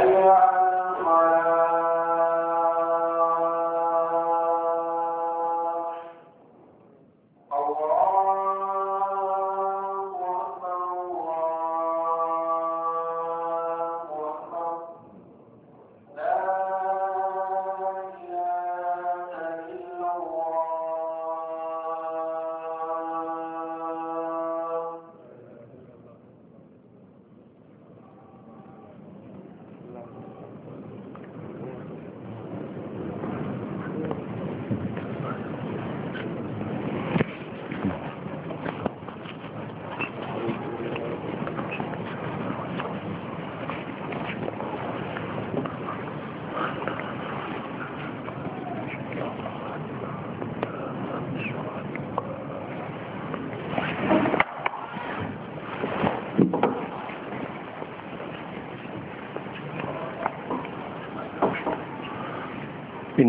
عليها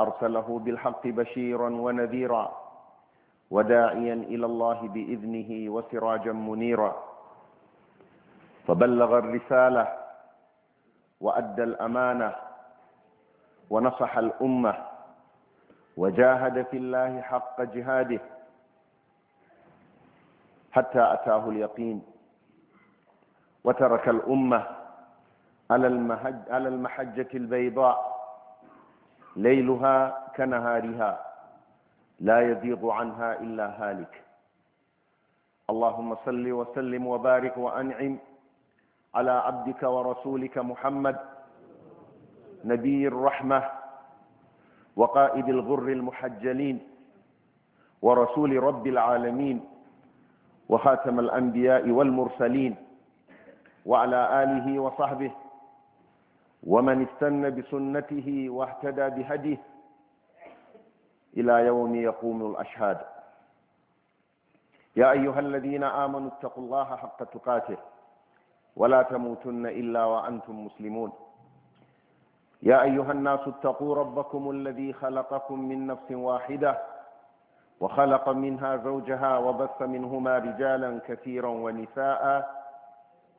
أرسله بالحق بشيرا ونذيرا وداعيا إلى الله بإذنه وسراجا منيرا فبلغ الرسالة وأدى الأمانة ونصح الأمة وجاهد في الله حق جهاده حتى أتاه اليقين وترك الأمة على المحجة البيضاء ليلها كنهارها لا يزيغ عنها إلا هالك اللهم صل وسلم وبارك وأنعم على عبدك ورسولك محمد نبي الرحمة وقائد الغر المحجلين ورسول رب العالمين وخاتم الأنبياء والمرسلين وعلى آله وصحبه ومن استن بسنته واهتدى بهديه إلى يوم يقوم الأشهاد يا أيها الذين آمنوا اتقوا الله حق تقاته ولا تموتن إلا وأنتم مسلمون يا أيها الناس اتقوا ربكم الذي خلقكم من نفس واحدة وخلق منها زوجها وبث منهما رجالا كثيرا ونساء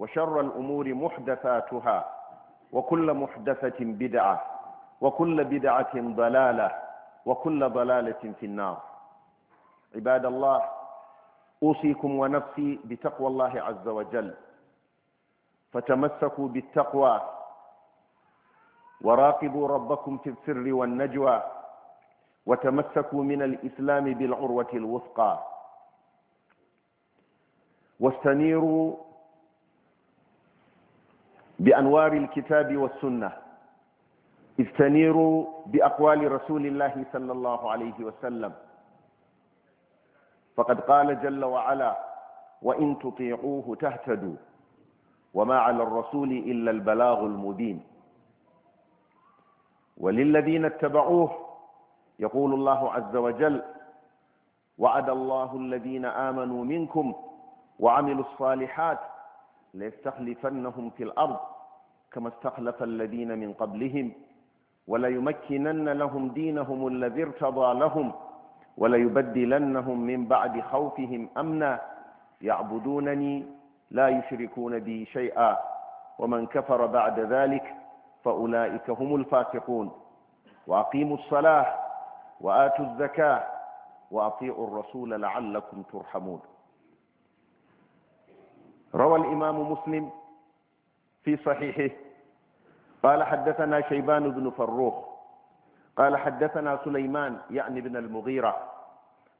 وشر الأمور محدثاتها وكل محدثة بدعة وكل بدعة ضلالة وكل ضلالة في النار عباد الله أوصيكم ونفسي بتقوى الله عز وجل فتمسكوا بالتقوى وراقبوا ربكم في السر والنجوى وتمسكوا من الإسلام بالعروة الوثقى واستنيروا بأنوار الكتاب والسنة استنيروا بأقوال رسول الله صلى الله عليه وسلم فقد قال جل وعلا وإن تطيعوه تهتدوا وما على الرسول إلا البلاغ المبين وللذين اتبعوه يقول الله عز وجل وعد الله الذين آمنوا منكم وعملوا الصالحات ليستخلفنهم في الأرض كما استخلف الذين من قبلهم وليمكنن لهم دينهم الذي ارتضى لهم وليبدلنهم من بعد خوفهم أمنا يعبدونني لا يشركون بي شيئا ومن كفر بعد ذلك فأولئك هم الفاسقون وأقيموا الصلاة وآتوا الزكاة وأطيعوا الرسول لعلكم ترحمون روى الإمام مسلم في صحيحه قال حدثنا شيبان بن فروخ قال حدثنا سليمان يعني بن المغيرة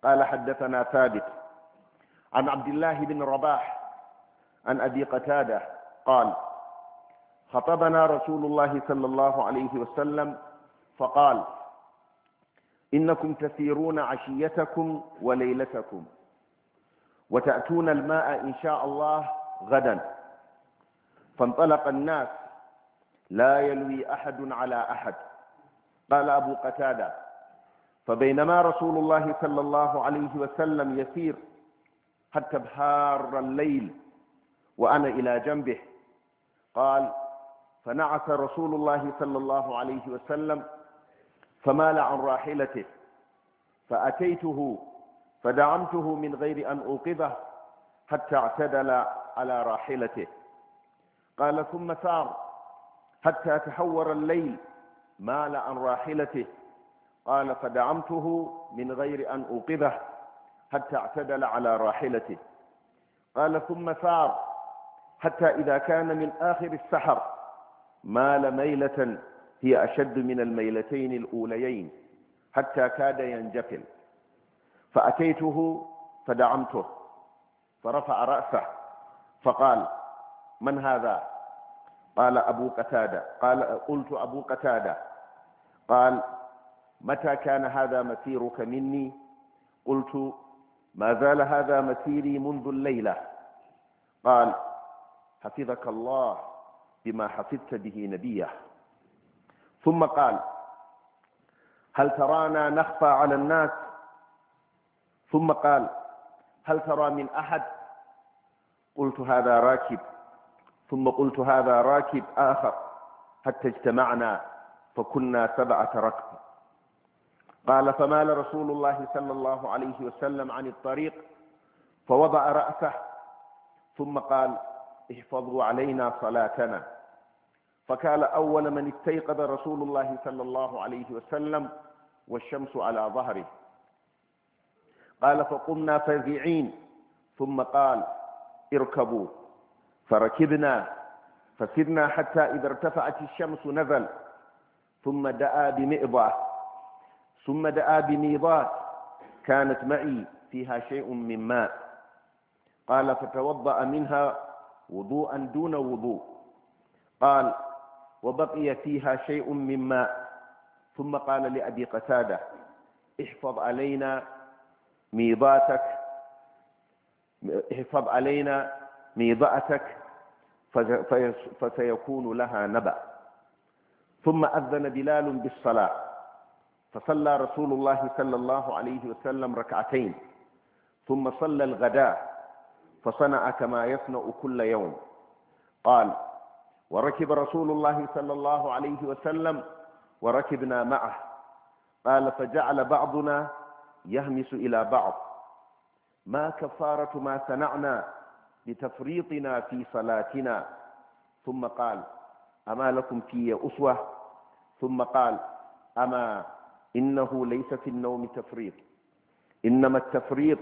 قال حدثنا ثابت عن عبد الله بن رباح عن أبي قتادة قال خطبنا رسول الله صلى الله عليه وسلم فقال إنكم تسيرون عشيتكم وليلتكم وتأتون الماء إن شاء الله غدا فانطلق الناس لا يلوي أحد على أحد قال أبو قتادة فبينما رسول الله صلى الله عليه وسلم يسير حتى بحار الليل وأنا إلى جنبه قال فنعس رسول الله صلى الله عليه وسلم فمال عن راحلته فأتيته فدعمته من غير أن أوقظه حتى اعتدل على راحلته قال ثم سار حتى تحور الليل مال عن راحلته قال فدعمته من غير أن أوقظه حتى اعتدل على راحلته قال ثم سار حتى إذا كان من آخر السحر مال ميلة هي أشد من الميلتين الأوليين حتى كاد ينجفل فأتيته فدعمته فرفع رأسه فقال من هذا قال أبو قتادة قال قلت أبو قتادة قال متى كان هذا مسيرك مني قلت ما زال هذا مسيري منذ الليلة قال حفظك الله بما حفظت به نبيه ثم قال هل ترانا نخفى على الناس ثم قال هل ترى من أحد قلت هذا راكب ثم قلت هذا راكب آخر حتى اجتمعنا فكنا سبعة ركب قال فمال رسول الله صلى الله عليه وسلم عن الطريق فوضع رأسه ثم قال احفظوا علينا صلاتنا فكان أول من استيقظ رسول الله صلى الله عليه وسلم والشمس على ظهره قال فقمنا فزعين ثم قال اركبوا فركبنا فسرنا حتى إذا ارتفعت الشمس نزل ثم دعا بمئضة ثم دعا بميضات كانت معي فيها شيء من ماء قال فتوضأ منها وضوءا دون وضوء قال وبقي فيها شيء من ماء ثم قال لأبي قتادة احفظ علينا ميضاتك احفظ علينا ميضأتك فسيكون لها نبأ ثم أذن بلال بالصلاة فصلى رسول الله صلى الله عليه وسلم ركعتين ثم صلى الغداء فصنع كما يصنع كل يوم قال وركب رسول الله صلى الله عليه وسلم وركبنا معه قال فجعل بعضنا يهمس إلى بعض ما كفارة ما صنعنا لتفريطنا في صلاتنا ثم قال أما لكم في أسوة ثم قال أما إنه ليس في النوم تفريط إنما التفريط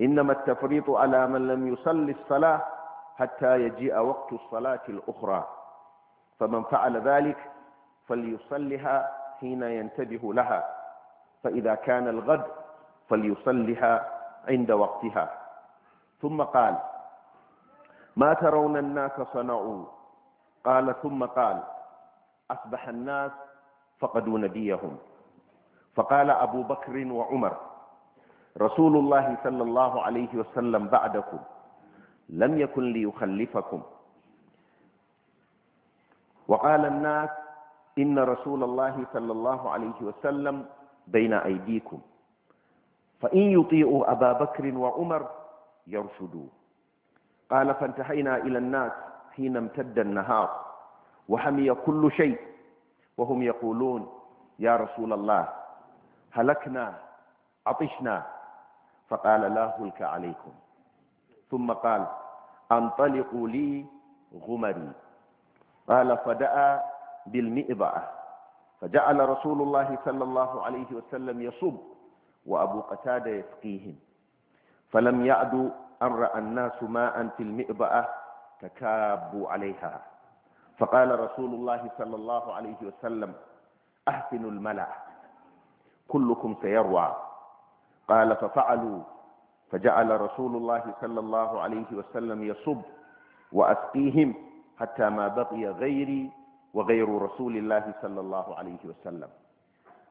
إنما التفريط على من لم يصل الصلاة حتى يجيء وقت الصلاة الأخرى فمن فعل ذلك فليصلها حين ينتبه لها فإذا كان الغد فليصلها عند وقتها ثم قال ما ترون الناس صنعوا قال ثم قال أصبح الناس فقدوا نبيهم فقال أبو بكر وعمر رسول الله صلى الله عليه وسلم بعدكم لم يكن ليخلفكم وقال الناس إن رسول الله صلى الله عليه وسلم بين أيديكم فإن يطيعوا أبا بكر وعمر يرشدوا قال فانتهينا إلى الناس حين امتد النهار وحمي كل شيء وهم يقولون يا رسول الله هلكنا عطشنا فقال لا هلك عليكم ثم قال انطلقوا لي غمري قال فدعا بالمئبعة فجعل رسول الله صلى الله عليه وسلم يصب وأبو قتادة يسقيهم فلم يعدوا أن رأى الناس ماء في المئبأة تكابوا عليها فقال رسول الله صلى الله عليه وسلم أحسنوا الملأ كلكم سيروى قال ففعلوا فجعل رسول الله صلى الله عليه وسلم يصب وأسقيهم حتى ما بقي غيري وغير رسول الله صلى الله عليه وسلم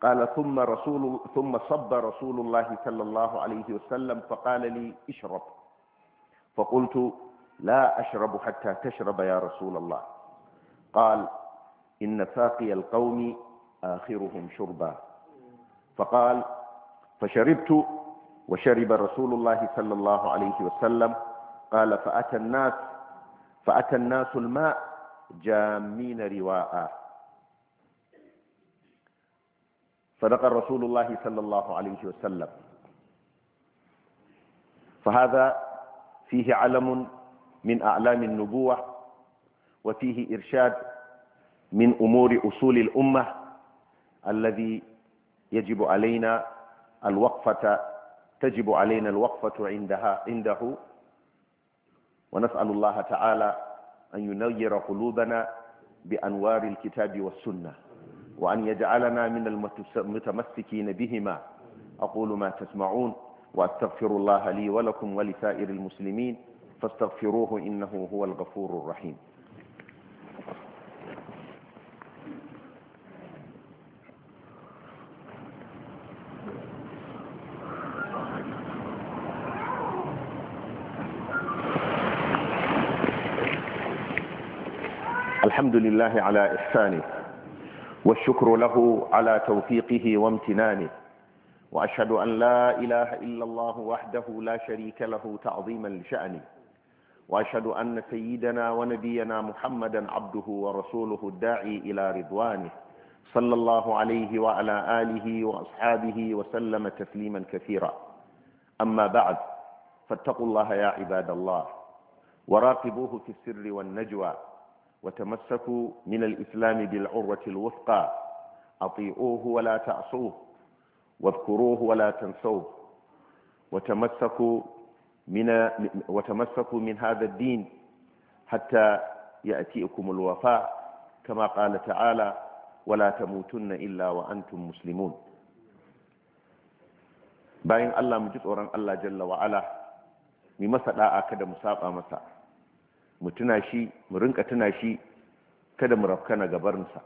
قال ثم رسول ثم صب رسول الله صلى الله عليه وسلم فقال لي اشرب فقلت لا أشرب حتى تشرب يا رسول الله قال إن ساقي القوم آخرهم شربا فقال فشربت وشرب رسول الله صلى الله عليه وسلم قال فأتى الناس فأتى الناس الماء جامين رواء صدق رسول الله صلى الله عليه وسلم فهذا فيه علم من أعلام النبوة وفيه إرشاد من أمور أصول الأمة الذي يجب علينا الوقفة تجب علينا الوقفة عندها عنده ونسأل الله تعالى أن ينير قلوبنا بأنوار الكتاب والسنة وأن يجعلنا من المتمسكين بهما أقول ما تسمعون وأستغفر الله لي ولكم ولسائر المسلمين فاستغفروه إنه هو الغفور الرحيم الحمد لله على إحسانه والشكر له على توفيقه وامتنانه واشهد ان لا اله الا الله وحده لا شريك له تعظيما لشانه واشهد ان سيدنا ونبينا محمدا عبده ورسوله الداعي الى رضوانه صلى الله عليه وعلى اله واصحابه وسلم تسليما كثيرا اما بعد فاتقوا الله يا عباد الله وراقبوه في السر والنجوى وتمسكوا من الإسلام بالعروة الوثقى أطيعوه ولا تعصوه واذكروه ولا تنسوه وتمسكوا من وتمسكوا من هذا الدين حتى يأتيكم الوفاء كما قال تعالى ولا تموتن إلا وأنتم مسلمون باين الله مجد أوران الله جل وعلا ممسا لا أكد مساقا مساقا mu tuna shi mu rinka tuna shi kada mu rafkana gabarinsa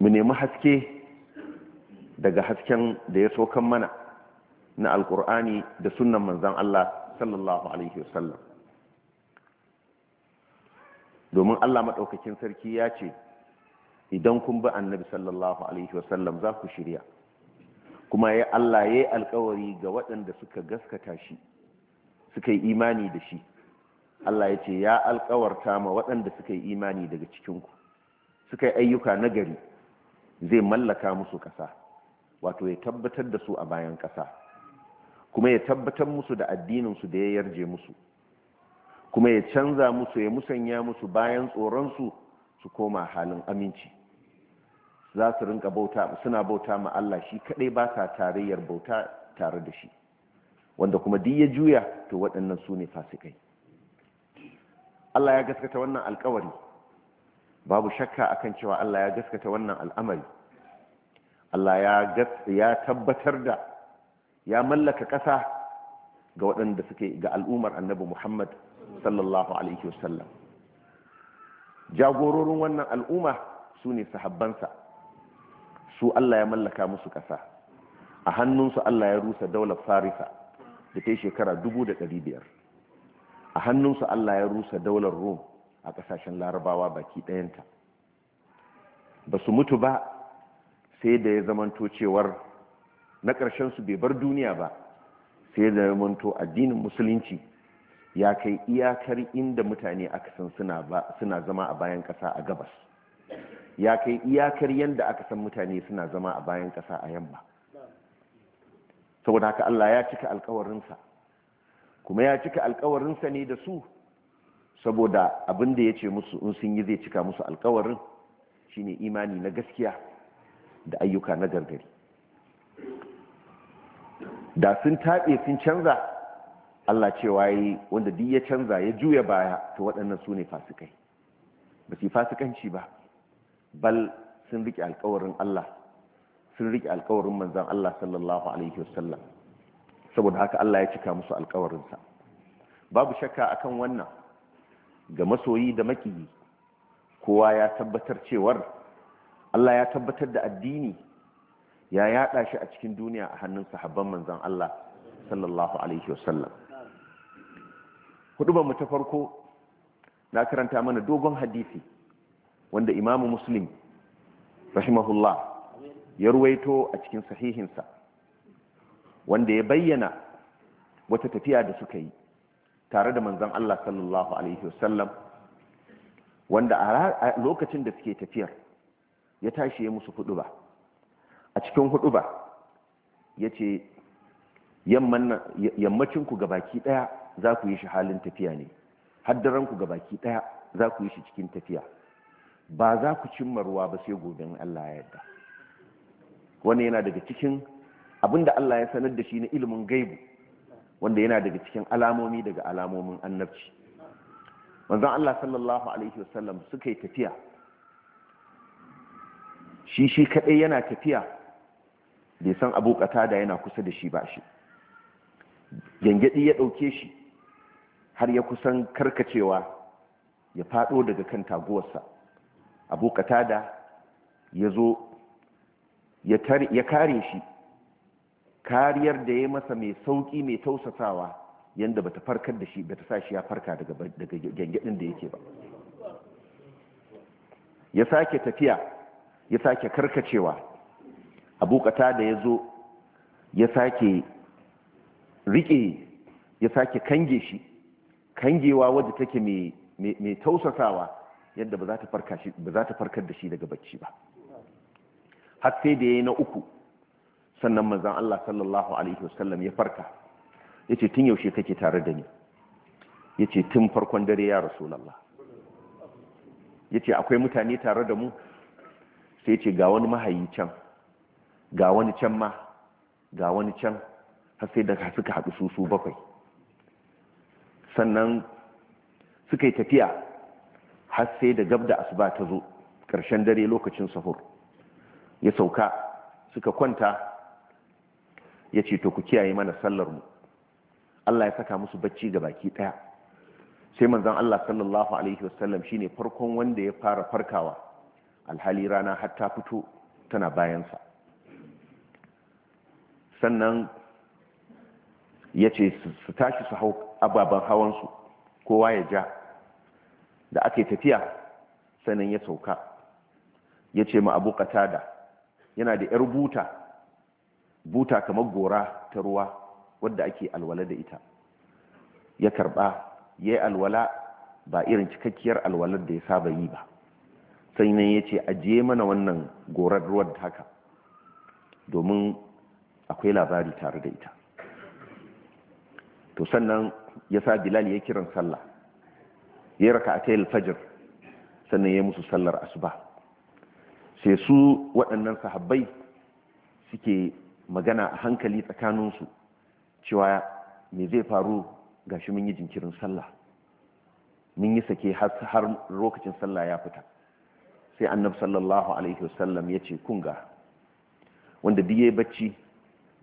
mu nemi haske daga hasken da ya sokan mana na alkur'ani da sunan manzan Allah sallallahu alaihi wasallam domin Allah maɗaukakin sarki ya ce idan kun bi annabi sallallahu alaihi wasallam za ku shirya kuma ya Allah ya yi alkawari ga waɗanda suka gaskata shi suka yi imani da shi Allah ya ce ya alkawarta ma waɗanda suka yi imani daga cikinku suka yi ayyuka na gari zai mallaka musu ƙasa wato ya tabbatar da su a bayan ƙasa kuma ya tabbatar musu da addininsu da ya yarje musu kuma ya canza musu ya musanya musu bayan tsoronsu su koma halin aminci za su rinka bauta suna bauta ma Allah shi kaɗai ba sa tarayyar bauta tare da shi wanda kuma duk ya juya to waɗannan su ne fasikai Allah ya gaskata wannan alkawari babu shakka akan cewa Allah ya gaskata wannan al'amari Allah ya tabbatar da ya mallaka ƙasa ga waɗanda suke ga al'ummar annabi Muhammad sallallahu alaihi wasallam jagororin wannan al'umma su ne sahabbansa su Allah ya mallaka musu ƙasa a hannunsu Allah ya rusa daular farisa da ta yi shekara dubu da ɗari biyar a hannunsu allah ya rusa daular rom a ƙasashen larabawa baki ɗayanta ba su mutu ba sai da ya zamanto cewar na ƙarshen su bai bar duniya ba sai da ya manto addinin musulunci ya kai iyakar inda mutane aka san suna zama a bayan ƙasa a gabas ya kai iyakar yadda aka san mutane suna zama a bayan ƙasa a yamma saboda haka Allah ya cika alkawarinsa kuma ya cika alkawarinsa ne da su saboda abin da ya ce musu in sun yi zai cika musu alkawarin shine imani na gaskiya da ayyuka na gargari da sun taɓe sun canza Allah cewa yi wanda duk ya canza ya juya baya to waɗannan su ne fasikai ba su fasikanci ba bal sun riƙe alkawarin Allah sun riƙe alkawarin manzan Allah sallallahu alaihi wasallam saboda haka Allah ya cika musu alkawarinsa babu shakka akan wannan ga masoyi da makiyi kowa ya tabbatar cewar Allah ya tabbatar da addini ya yaɗa shi a cikin duniya a hannun sahabban manzan Allah sallallahu alaihi wasallam hudubar mu ta farko na karanta mana dogon hadisi wanda imamu muslim rahimahullah ya ruwaito a cikin sahihinsa wanda ya bayyana wata tafiya da suka yi tare da manzan Allah sallallahu alaihi wasallam wanda a lokacin da suke tafiyar ya tashi ya musu hudu ba a cikin hudu ba ya ce yammacinku gabaki daya za ku yi shi halin tafiya ne haddaranku gabaki daya za ku yi shi cikin tafiya ba za ku cimma ruwa ba sai goben Allah ya yarda wannan yana daga cikin abinda Allah ya sanar da shi na ilimin gaibu wanda yana daga cikin alamomi daga alamomin annabci manzon Allah sallallahu alaihi wasallam suka yi tafiya shi shi kadai yana tafiya bai san Abu da yana kusa da shi ba shi Gyangyadi ya dauke shi har ya kusan karkacewa ya faɗo daga kan taguwarsa Abu da ya zo ya kare shi kariyar da ya masa mai sauki mai tausasawa yadda ba ta farkar da shi ba ta sa shi ya farka daga gyangyaɗin da yake ba ya sake tafiya ya sake karkacewa abokata da ya zo ya sake rike ya sake kange shi kangewa wadda take mai tausasawa yadda ba za ta farkar da shi daga bacci ba har sai da yi na uku sannan mazan Allah sallallahu alaihi wasallam ya farka yace tun yaushe kake tare da ni yace tun farkon dare ya ya yace akwai mutane tare da mu sai ce ga wani mahayi can ga wani can ma ga wani can har sai da suka haɗu su su bakwai sannan suka yi tafiya har sai da gab da asuba ta zo ƙarshen dare lokacin sahur ya sauka suka kwanta ya ce to ku kiyaye mana sallarmu Allah ya saka musu bacci ga baki ɗaya sai manzon Allah sallallahu alaihi wasallam shine farkon wanda ya fara farkawa alhali rana har ta fito tana bayansa sannan ya ce su tashi su hau ababen su kowa ya ja da ake tafiya sannan ya sauka ya ce ma abu qatada yana da yar buta buta kamar gora ta ruwa wadda ake alwala da ita ya karba ya yi alwala ba irin cikakkiyar alwalar da ya saba yi ba sai nan ya ce ajiye mana wannan gorar ruwan haka domin akwai labari tare da ita to sannan ya sa bilal ya kiran sallah ya raka a ta fajr sannan ya musu sallar asuba sai su waɗannan sahabbai suke magana a hankali tsakaninsu cewa me zai faru ga shi mun yi jinkirin sallah mun yi sake har lokacin sallah ya fita sai annab sallallahu alaihi wasallam ya ce kunga wanda biye bacci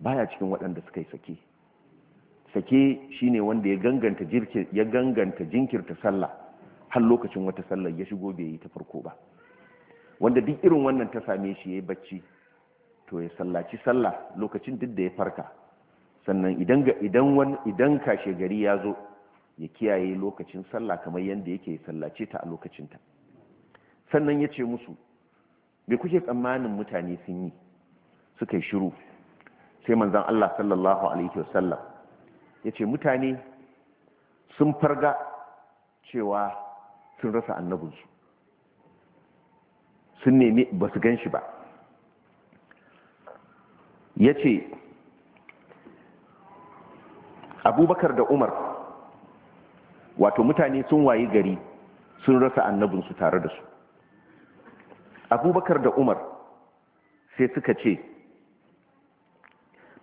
baya cikin waɗanda suka yi sake sake shine wanda ya ganganta ya ganganta jinkirta sallah har lokacin wata sallar ya shigo bai yi ta farko ba wanda duk irin wannan ta same shi ya yi bacci to ya sallaci sallah lokacin duk da ya farka sannan idan idan wani kashe gari ya zo ya kiyaye lokacin sallah kamar yadda yake sallace ta a lokacinta sannan ya ce musu bai kuke tsammanin mutane sun yi suka yi shiru sai manzan Allah sallallahu alaihi wasallam ya ce mutane sun farga cewa sun rasa annabinsu sun nemi ba su gan shi ba ya ce abubakar da umar wato mutane sun wayi gari sun rasa annabinsu tare da su abubakar da umar sai suka ce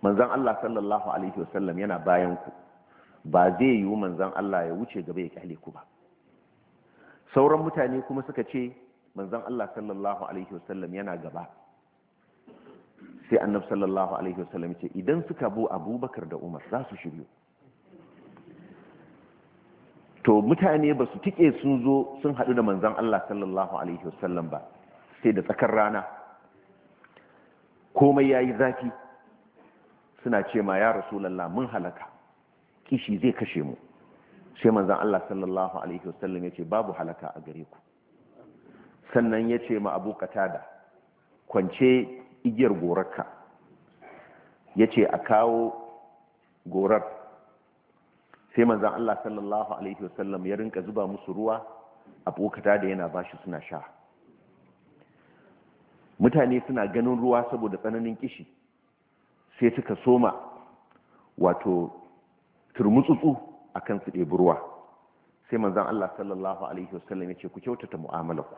manzan allah sallallahu alaihi wasallam yana bayan ku ba zai yiwu manzan allah ya wuce gaba ya kyale ku ba sauran mutane kuma suka ce manzon Allah sallallahu alaihi wasallam yana gaba sai annab sallallahu alaihi wasallam ce idan suka bu abubakar da umar za su shiryu to mutane ba su tike sun zo sun haɗu da manzan Allah sallallahu alaihi wasallam ba sai da tsakar rana komai ya yi zafi suna ce ma ya rasulallah mun halaka kishi zai kashe mu sai manzan Allah sallallahu alaihi wasallam ya ce babu halaka a gare ku sannan ya ce ma abu da kwance igiyar gorarka ya ce a kawo gorar sai manzan Allah sallallahu Alaihi wasallam ya rinka zuba musu ruwa abu da yana ba shi suna sha mutane suna ganin ruwa saboda tsananin kishi sai suka soma wato turmutsutsu a kan su ɗebi ruwa sai manzan Allah sallallahu Alaihi wasallam ya ce ku kyautata mu'amalarku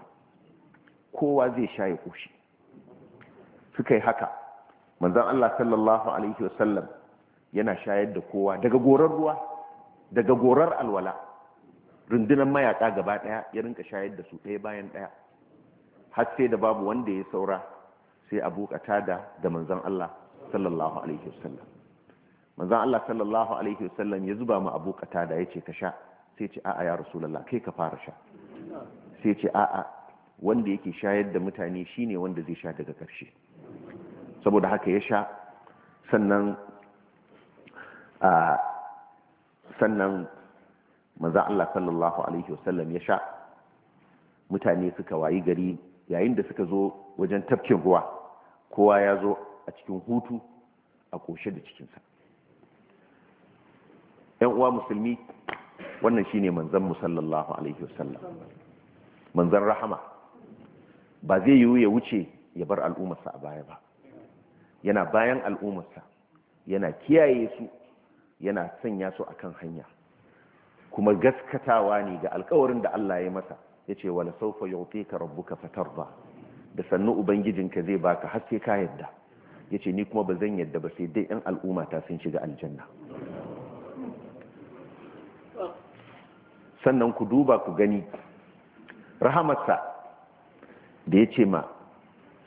kowa zai sha ya koshi suka yi haka manzan Allah sallallahu alaihi wasallam yana shayar da kowa daga gorar ruwa daga gorar alwala rundunar mayaka gaba daya ya rinka shayar da su ɗaya bayan ɗaya har sai da babu wanda ya saura sai abu katada da manzan Allah sallallahu alaihi wasallam manzan Allah sallallahu alaihi wasallam ya zuba mu abu da ya ce ka sha sai ce a'a ya rasulallah kai ka fara sha sai ce a'a wanda yake shayar da mutane shine wanda zai sha daga ƙarshe saboda haka ya sha sannan a sannan maza Allah sallallahu alaihi wasallam ya sha mutane suka wayi gari yayin da suka zo wajen tafkin ruwa kowa ya zo a cikin hutu a koshe da cikinsa yan uwa musulmi wannan shine manzan mu alaihi wasallam manzan rahama ba zai yiwu ya wuce ya bar al'ummarsa a baya ba yana bayan al'ummarsa yana kiyaye su yana sanya su akan hanya kuma gaskatawa ne ga alkawarin da Allah ya masa ya ce wala saufa yu'tika rabbuka ba da sannu ubangijinka zai baka haske ka yadda ya ce ni kuma ba zan yadda ba sai dai yan al'umma ta sun shiga aljanna sannan ku duba ku gani rahamarsa da ya ce ma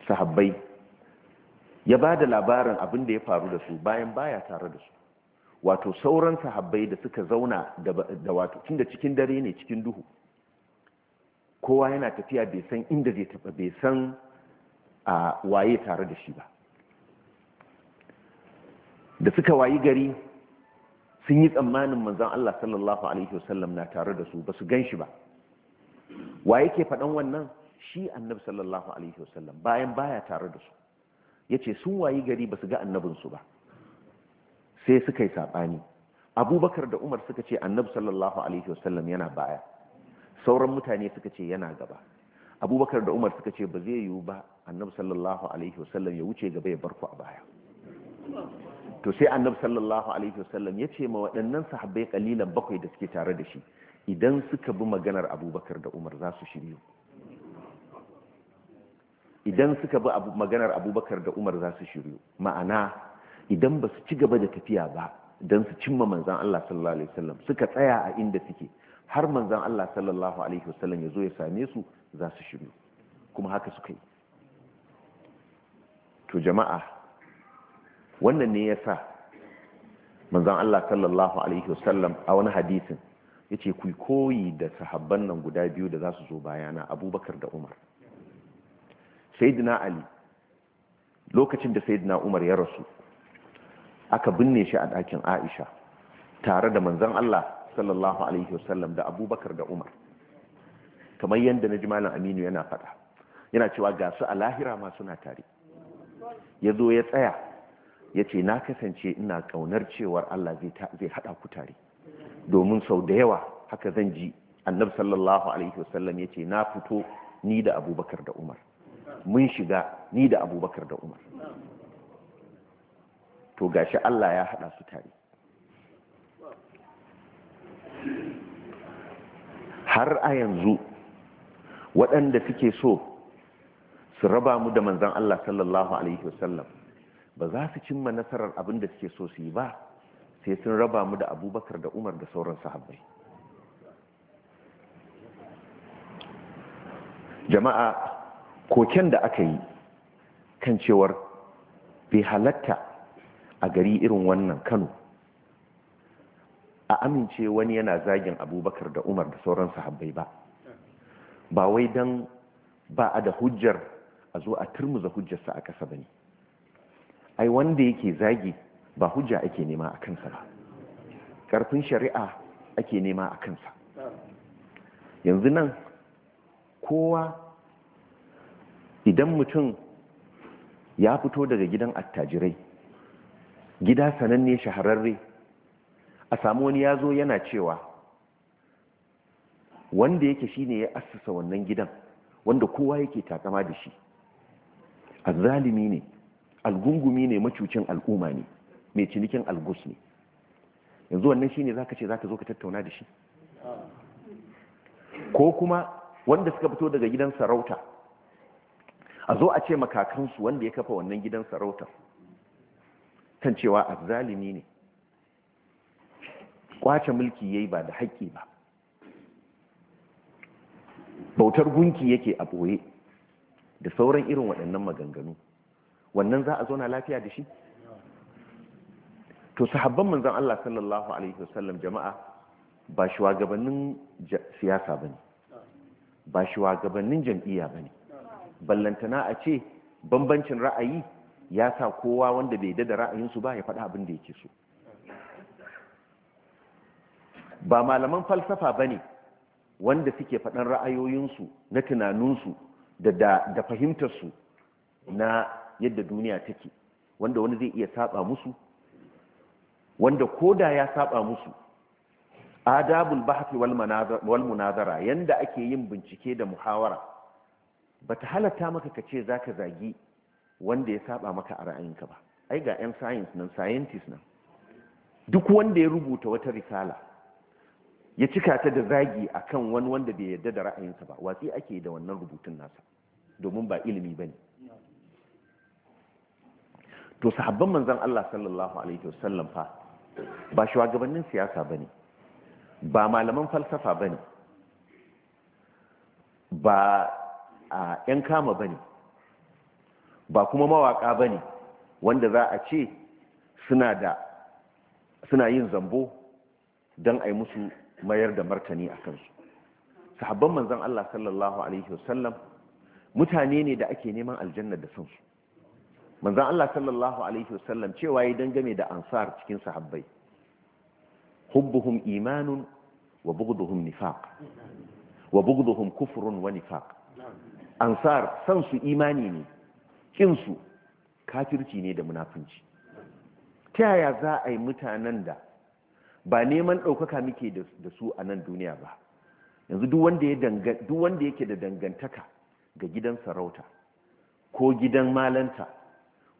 sahabbai ya ba da labarin abin da ya faru da su bayan baya tare da su wato sauran sahabbai da suka zauna da wato tun cikin dare ne cikin duhu kowa yana tafiya bai san inda zai tafi bai san a waye tare da shi ba da suka wayi gari sun yi tsammanin manzan Allah sallallahu Alaihi wasallam na tare da su ba su gan shi ba wa yake faɗan wannan shi annabi sallallahu alaihi wasallam bayan baya tare da su yace sun wayi gari basu ga annabinsu ba sai suka yi sabani abubakar da umar suka ce annabi sallallahu alaihi wasallam yana baya sauran mutane suka ce yana gaba abubakar da umar suka ce ba zai yiwu ba annabi sallallahu alaihi wasallam ya wuce gaba ya bar ku a baya to sai annabi sallallahu alaihi wasallam ya ce ma waɗannan sahabbai kalilan bakwai da suke tare da shi idan suka bi maganar abubakar da umar za su shiryu idan suka bi maganar abubakar da umar za su shiryu ma'ana idan ba su ci gaba da tafiya ba don su cimma manzan Allah sallallahu alaihi wasallam suka tsaya a inda suke har manzan Allah sallallahu alaihi wasallam ya zo ya same su za su shiryu kuma haka suka yi to jama'a wannan ne ya sa manzan Allah sallallahu alaihi wasallam a wani hadisin ya ce ku koyi da sahabban nan guda biyu da za su zo bayana abubakar da umar saidina ali lokacin da saidina umar ya rasu aka binne shi a ɗakin aisha tare da manzon allah sallallahu alaihi wasallam da abubakar da umar kamar yadda na jimalin aminu yana faɗa yana cewa ga su a lahira ma suna tare ya zo ya tsaya ya ce na kasance ina ƙaunar cewar allah zai haɗa ku tare domin sau da yawa haka zan ji annab sallallahu alaihi wasallam ya ce na fito ni da abubakar da umar mun shiga ni da abubakar da umar to gashi Allah ya hada su tare har a yanzu waɗanda suke so su raba mu da manzan Allah sallallahu alaihi wasallam ba za su cimma nasarar abin da suke so su yi ba sai sun raba mu da abubakar da umar da sauran sahabbai jama'a koken da aka yi kan cewar bai halatta a gari irin wannan kano a amince wani yana zagin abubakar da umar da sauran sahabbai ba ba wai don ba a da hujjar a zo a turmuza hujjarsa a ƙasa ba ne ai wanda yake zagi ba hujja ake nema a kansa ba ƙarfin shari'a ake nema a kansa yanzu nan kowa idan mutum ya fito daga gidan attajirai gida sananne shahararre a samu wani ya zo yana cewa wanda yake shine ya assasa wannan gidan wanda kowa yake takama da shi azzalimi ne algungumi ne macucin al'umma ne mai cinikin algus ne yanzu wannan shine zaka ce zaka zo ka tattauna da shi ko kuma wanda suka fito daga gidan sarauta a zo a ce makakansu wanda ya kafa wannan gidan sarautar kan cewa zalimi ne kwace mulki yayi ba da haƙƙi ba bautar gunki yake a ɓoye da sauran irin waɗannan maganganu wannan za a zauna lafiya da shi to sahabban manzan Allah sallallahu alaihi wasallam jama'a ba shugabannin siyasa ba ne, ba shugabannin jam'iyya ba ne. ballantana a ce bambancin ra'ayi ya sa kowa wanda bai da ra'ayinsu ba ya faɗa abin da yake so ba malaman falsafa ba ne wanda suke faɗan ra'ayoyinsu na tunaninsu da fahimtarsu na yadda duniya take wanda wani zai iya saba musu wanda ko da ya saba musu adabul bahfi wal munazara yanda ake yin bincike da muhawara Bata ta halatta maka ka ce za ka zagi wanda ya saba maka a ra'ayinka ba ai ga 'yan science nan scientist nan duk wanda ya rubuta wata risala ya cika ta da zagi a kan wani wanda bai yarda da ra'ayinsa ba watsi ake da wannan rubutun nasa domin ba ilimi ba ne to sahabban manzan Allah sallallahu alaihi wasallam fa ba shugabannin siyasa ba ne ba malaman falsafa ba ne ba a 'yan kama ba ne ba kuma mawaka ba ne wanda za a ce suna yin zambo don a yi musu mayar da martani a kansu sahabban manzan Allah sallallahu Alaihi wasallam mutane ne da ake neman aljannar da sansu manzan Allah sallallahu Alaihi wasallam cewa yi dangane da ansar cikin sahabbai hubbuhum imanun wa bugduhum nifaq wa bugduhum kufrun wa nifaq ansar san su imani ne kin su kafirci ne da munafunci ta yaya za a yi mutanen da ba neman ɗaukaka muke da su a nan duniya ba yanzu duk wanda yake da dangantaka ga gidan sarauta ko gidan malanta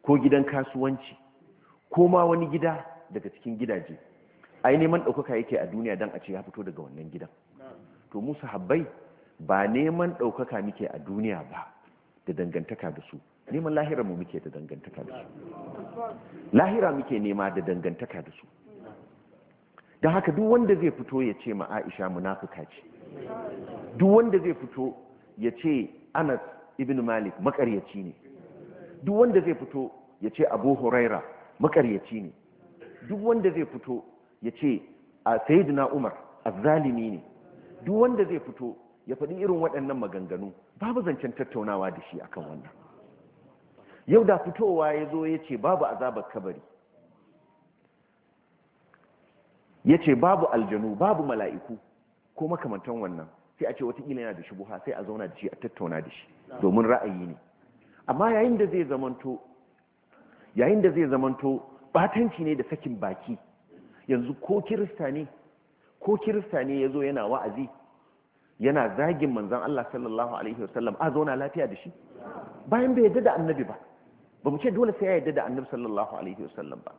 ko gidan kasuwanci ko ma wani gida daga cikin gidaje ai neman ɗaukaka yake a duniya don a ce ya fito daga wannan gidan to musu habbai ba neman ɗaukaka muke a duniya ba da dangantaka da su neman lahira mu muke da dangantaka da su lahira muke nema da dangantaka da su don haka duk wanda zai fito ya ce ma aisha munafuka ce duk wanda zai fito ya ce anas ibn malik makaryaci ne duk wanda zai fito ya ce abu huraira makaryaci ne duk wanda zai fito ya ce a sayidina umar azzalimi ne duk wanda zai fito ya faɗi irin waɗannan maganganu babu zancen tattaunawa da shi akan wannan yau da fitowa ya zo ya ce babu azabar kabari ya ce babu aljanu babu mala'iku ko makamantan wannan sai a ce watakila yana da shubuha sai a zauna da shi a tattauna da shi domin ra'ayi ne amma yayin da zai zamanto batanci ne da sakin baki yanzu ko kirista ne ko kirista ne ya zo yana wa'azi yana zagin manzan Allah sallallahu alaihi wasallam a zauna lafiya da shi bayan bai yadda da annabi ba ba mu ce dole sai ya yadda da annabi sallallahu alaihi wasallam ba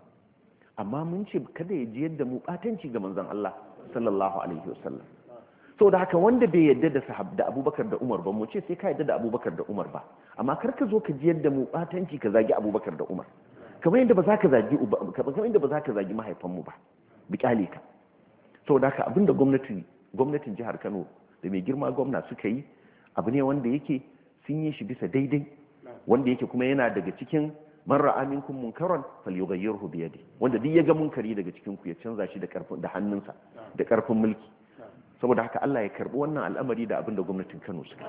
amma mun ce kada ya ji yadda mu batanci ga manzan Allah sallallahu alaihi wasallam sau da haka wanda bai yadda da sahab da abubakar da umar ba mu ce sai ka yadda da abubakar da umar ba amma kar ka zo ka ji yadda mu batanci ka zagi abubakar da umar kamar yadda ba za ka zagi kamar yadda ba za ka zagi mahaifanmu ba bi ka sau da haka abinda gwamnatin gwamnatin jihar Kano da mai girma gwamna suka yi abu ne wanda yake sun yi shi bisa daidai wanda yake kuma yana daga cikin marar amin kun munkaron wanda duk ya ga munkari daga cikin ku ya canza shi da karfin da hannunsa da karfin mulki saboda haka Allah ya karbi wannan al'amari da abinda gwamnatin Kano suka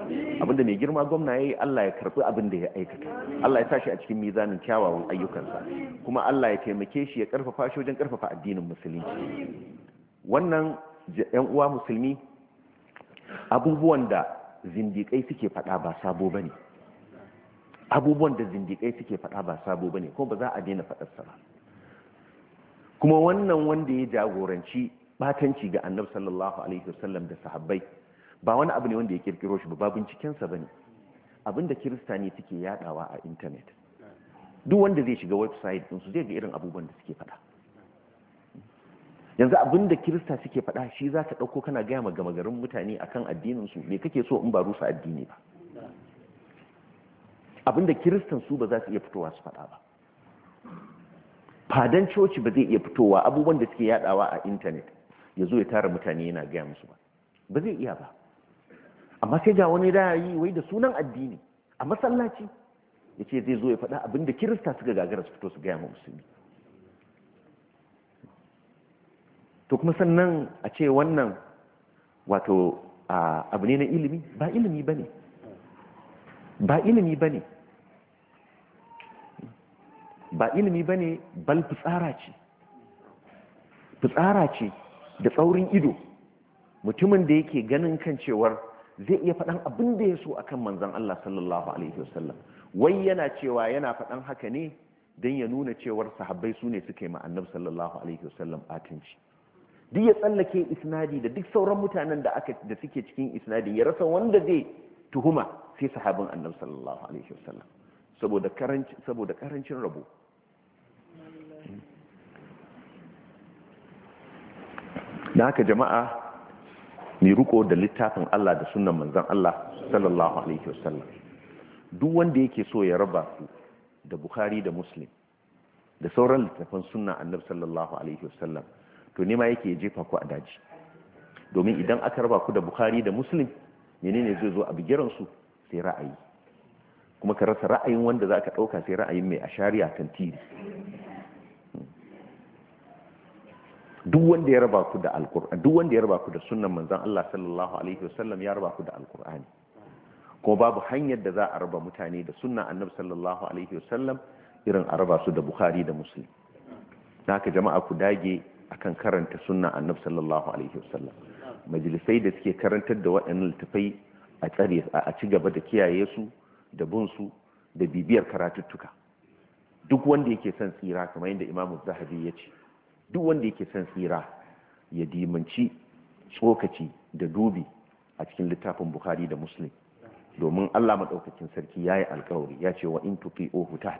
da mai girma gwamna yayi Allah ya karbi abinda ya aikata Allah ya tashi a cikin mizanin kyawawan ayyukansa kuma Allah ya taimake shi ya karfafa shi wajen karfafa addinin musulunci wannan ƴan uwa musulmi abubuwan da zindiƙai suke faɗa ba sabo bane abubuwan da zindikai suke faɗa ba sabo bane ko ba za a daina faɗarsa ba kuma wannan wanda ya jagoranci batanci ga annabi sallallahu alaihi wasallam da sahabbai ba wani abu ne wanda ya kirkiro shi ba sa bane abinda kiristani suke yadawa a intanet duk wanda zai shiga website din su zai ga irin abubuwan da suke faɗa yanzu abin da kirista suke faɗa shi za ka ɗauko kana gaya ma gama garin mutane akan addininsu me kake so in ba rusa addini ba abin da kiristan su ba za su iya fitowa su faɗa ba fadan coci ba zai iya fitowa abubuwan da suke yadawa a intanet ya zo ya tara mutane yana gaya musu ba ba zai iya ba amma sai ga wani ra'ayi wai da sunan addini a masallaci ya ce zai zo ya faɗa abin da kirista suka gagara su fito su gaya ma musulmi to kuma sannan a ce wannan wato abu ne na ilimi ba ilimi ba ne ba ilimi ba ne ba ilimi ba ne bal fitsara ce fitsara ce da tsaurin ido mutumin da yake ganin kan cewar zai iya faɗan abin da ya so a kan manzan Allah sallallahu alaihi wasallam wai yana cewa yana faɗan haka ne don ya nuna cewar sahabbai su ne suka yi ma'annab sallallahu alaihi wasallam atinci duk ya tsallake isnadi da duk sauran mutanen da aka da suke cikin isnadi ya rasa wanda zai tuhuma sai sahabin annabi sallallahu alaihi wasallam saboda karanci saboda karancin rabo dan haka jama'a mu ruko da littafin Allah da sunan manzon Allah sallallahu alaihi wasallam duk wanda yake so ya raba su da Bukhari da Muslim da sauran littafan sunna annabi sallallahu alaihi wasallam to ma yake jefa ku a daji domin idan aka raba ku da bukhari da muslim menene zai zo a bigiran su sai ra'ayi kuma ka rasa ra'ayin wanda za ka ɗauka sai ra'ayin mai ashariya kan tiri duk wanda ya raba ku da alkur'ani duk wanda ya raba ku da sunnan manzon Allah sallallahu alaihi wasallam ya raba ku da alkur'ani kuma babu hanyar da za a raba mutane da sunnan annabi sallallahu alaihi wasallam irin a raba su da bukhari da muslim haka jama'a ku dage akan karanta sunna annabi sallallahu alaihi wasallam majalisai da suke karantar da waɗannan littafai a tsare a ci gaba da kiyaye su da bin su da bibiyar karatuttuka duk wanda yake son tsira kamar yadda Imam Zahabi ya ce duk wanda yake son tsira ya dimanci tsokaci da dubi a cikin littafin Bukhari da Muslim domin Allah maɗaukakin sarki ya yi alkawari ya ce wa in tufi ohu ta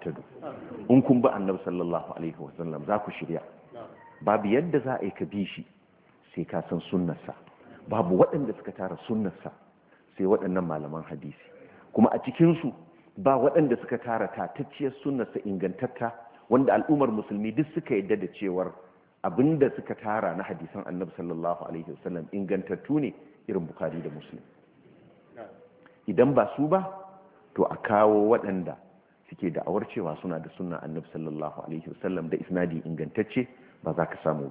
in kun bi annabi sallallahu alaihi wasallam za ku shirya babu yadda za a yi ka bi shi sai ka san sunnarsa babu waɗanda suka tara sunnarsa sai waɗannan malaman hadisi kuma a cikinsu ba waɗanda suka tara tatacciyar sunnarsa ingantatta wanda al'ummar musulmi duk suka yadda da cewar abinda suka tara na hadisan annabi sallallahu alaihi wasallam ingantattu ne irin bukari da musulmi idan ba su ba to a kawo waɗanda suke da'awar cewa suna da sunna annabi sallallahu alaihi wasallam da isnadi ingantacce ba za ka samu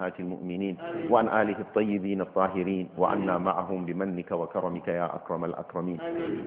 أمهات المؤمنين وعن آله الطيبين الطاهرين وعنا معهم بمنك وكرمك يا أكرم الأكرمين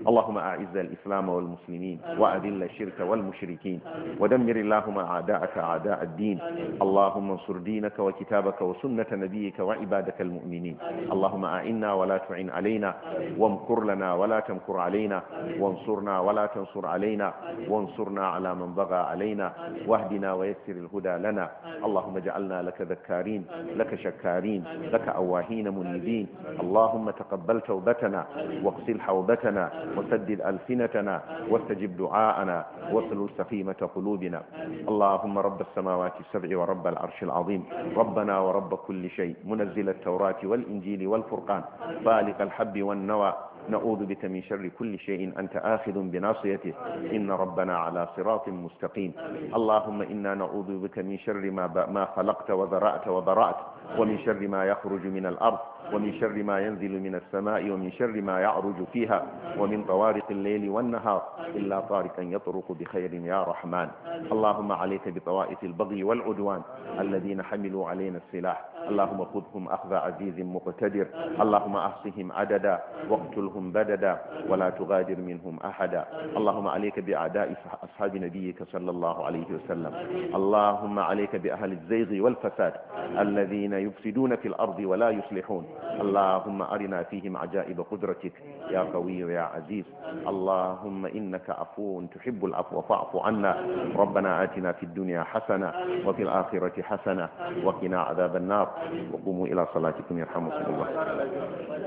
اللهم أعز الإسلام والمسلمين وأذل الشرك والمشركين ودمر اللهم أعداءك أعداء الدين اللهم انصر دينك وكتابك وسنة نبيك وعبادك المؤمنين اللهم أعنا ولا تعن علينا وامكر لنا ولا تمكر علينا وانصرنا ولا تنصر علينا وانصرنا على من بغى علينا واهدنا ويسر الهدى لنا اللهم اجعلنا لك ذكارين مقبلين لك شكارين لك أواهين منيبين اللهم تقبل توبتنا واغسل حوبتنا وسدد ألسنتنا واستجب دعاءنا واصل سقيمة قلوبنا اللهم رب السماوات السبع ورب العرش العظيم ربنا ورب كل شيء منزل التوراة والإنجيل والفرقان خالق الحب والنوى نعوذ بك من شر كل شيء أنت آخذ بناصيته إن ربنا على صراط مستقيم اللهم إنا نعوذ بك من شر ما, خلقت وذرأت وبرأت ومن شر ما يخرج من الأرض ومن شر ما ينزل من السماء ومن شر ما يعرج فيها ومن طوارق الليل والنهار إلا طارقا يطرق بخير يا رحمن اللهم عليك بطوائف البغي والعدوان الذين حملوا علينا السلاح اللهم خذهم أخذ عزيز مقتدر اللهم أحصهم عددا واقتلهم بددا ولا تغادر منهم أحدا اللهم عليك بأعداء أصحاب نبيك صلى الله عليه وسلم اللهم عليك بأهل الزيغ والفساد الذين يفسدون في الأرض ولا يصلحون اللهم أرنا فيهم عجائب قدرتك يا قوي يا عزيز اللهم إنك عفو تحب العفو فاعف عنا ربنا آتنا في الدنيا حسنة وفي الآخرة حسنة وقنا عذاب النار وقوموا إلى صلاتكم يرحمكم الله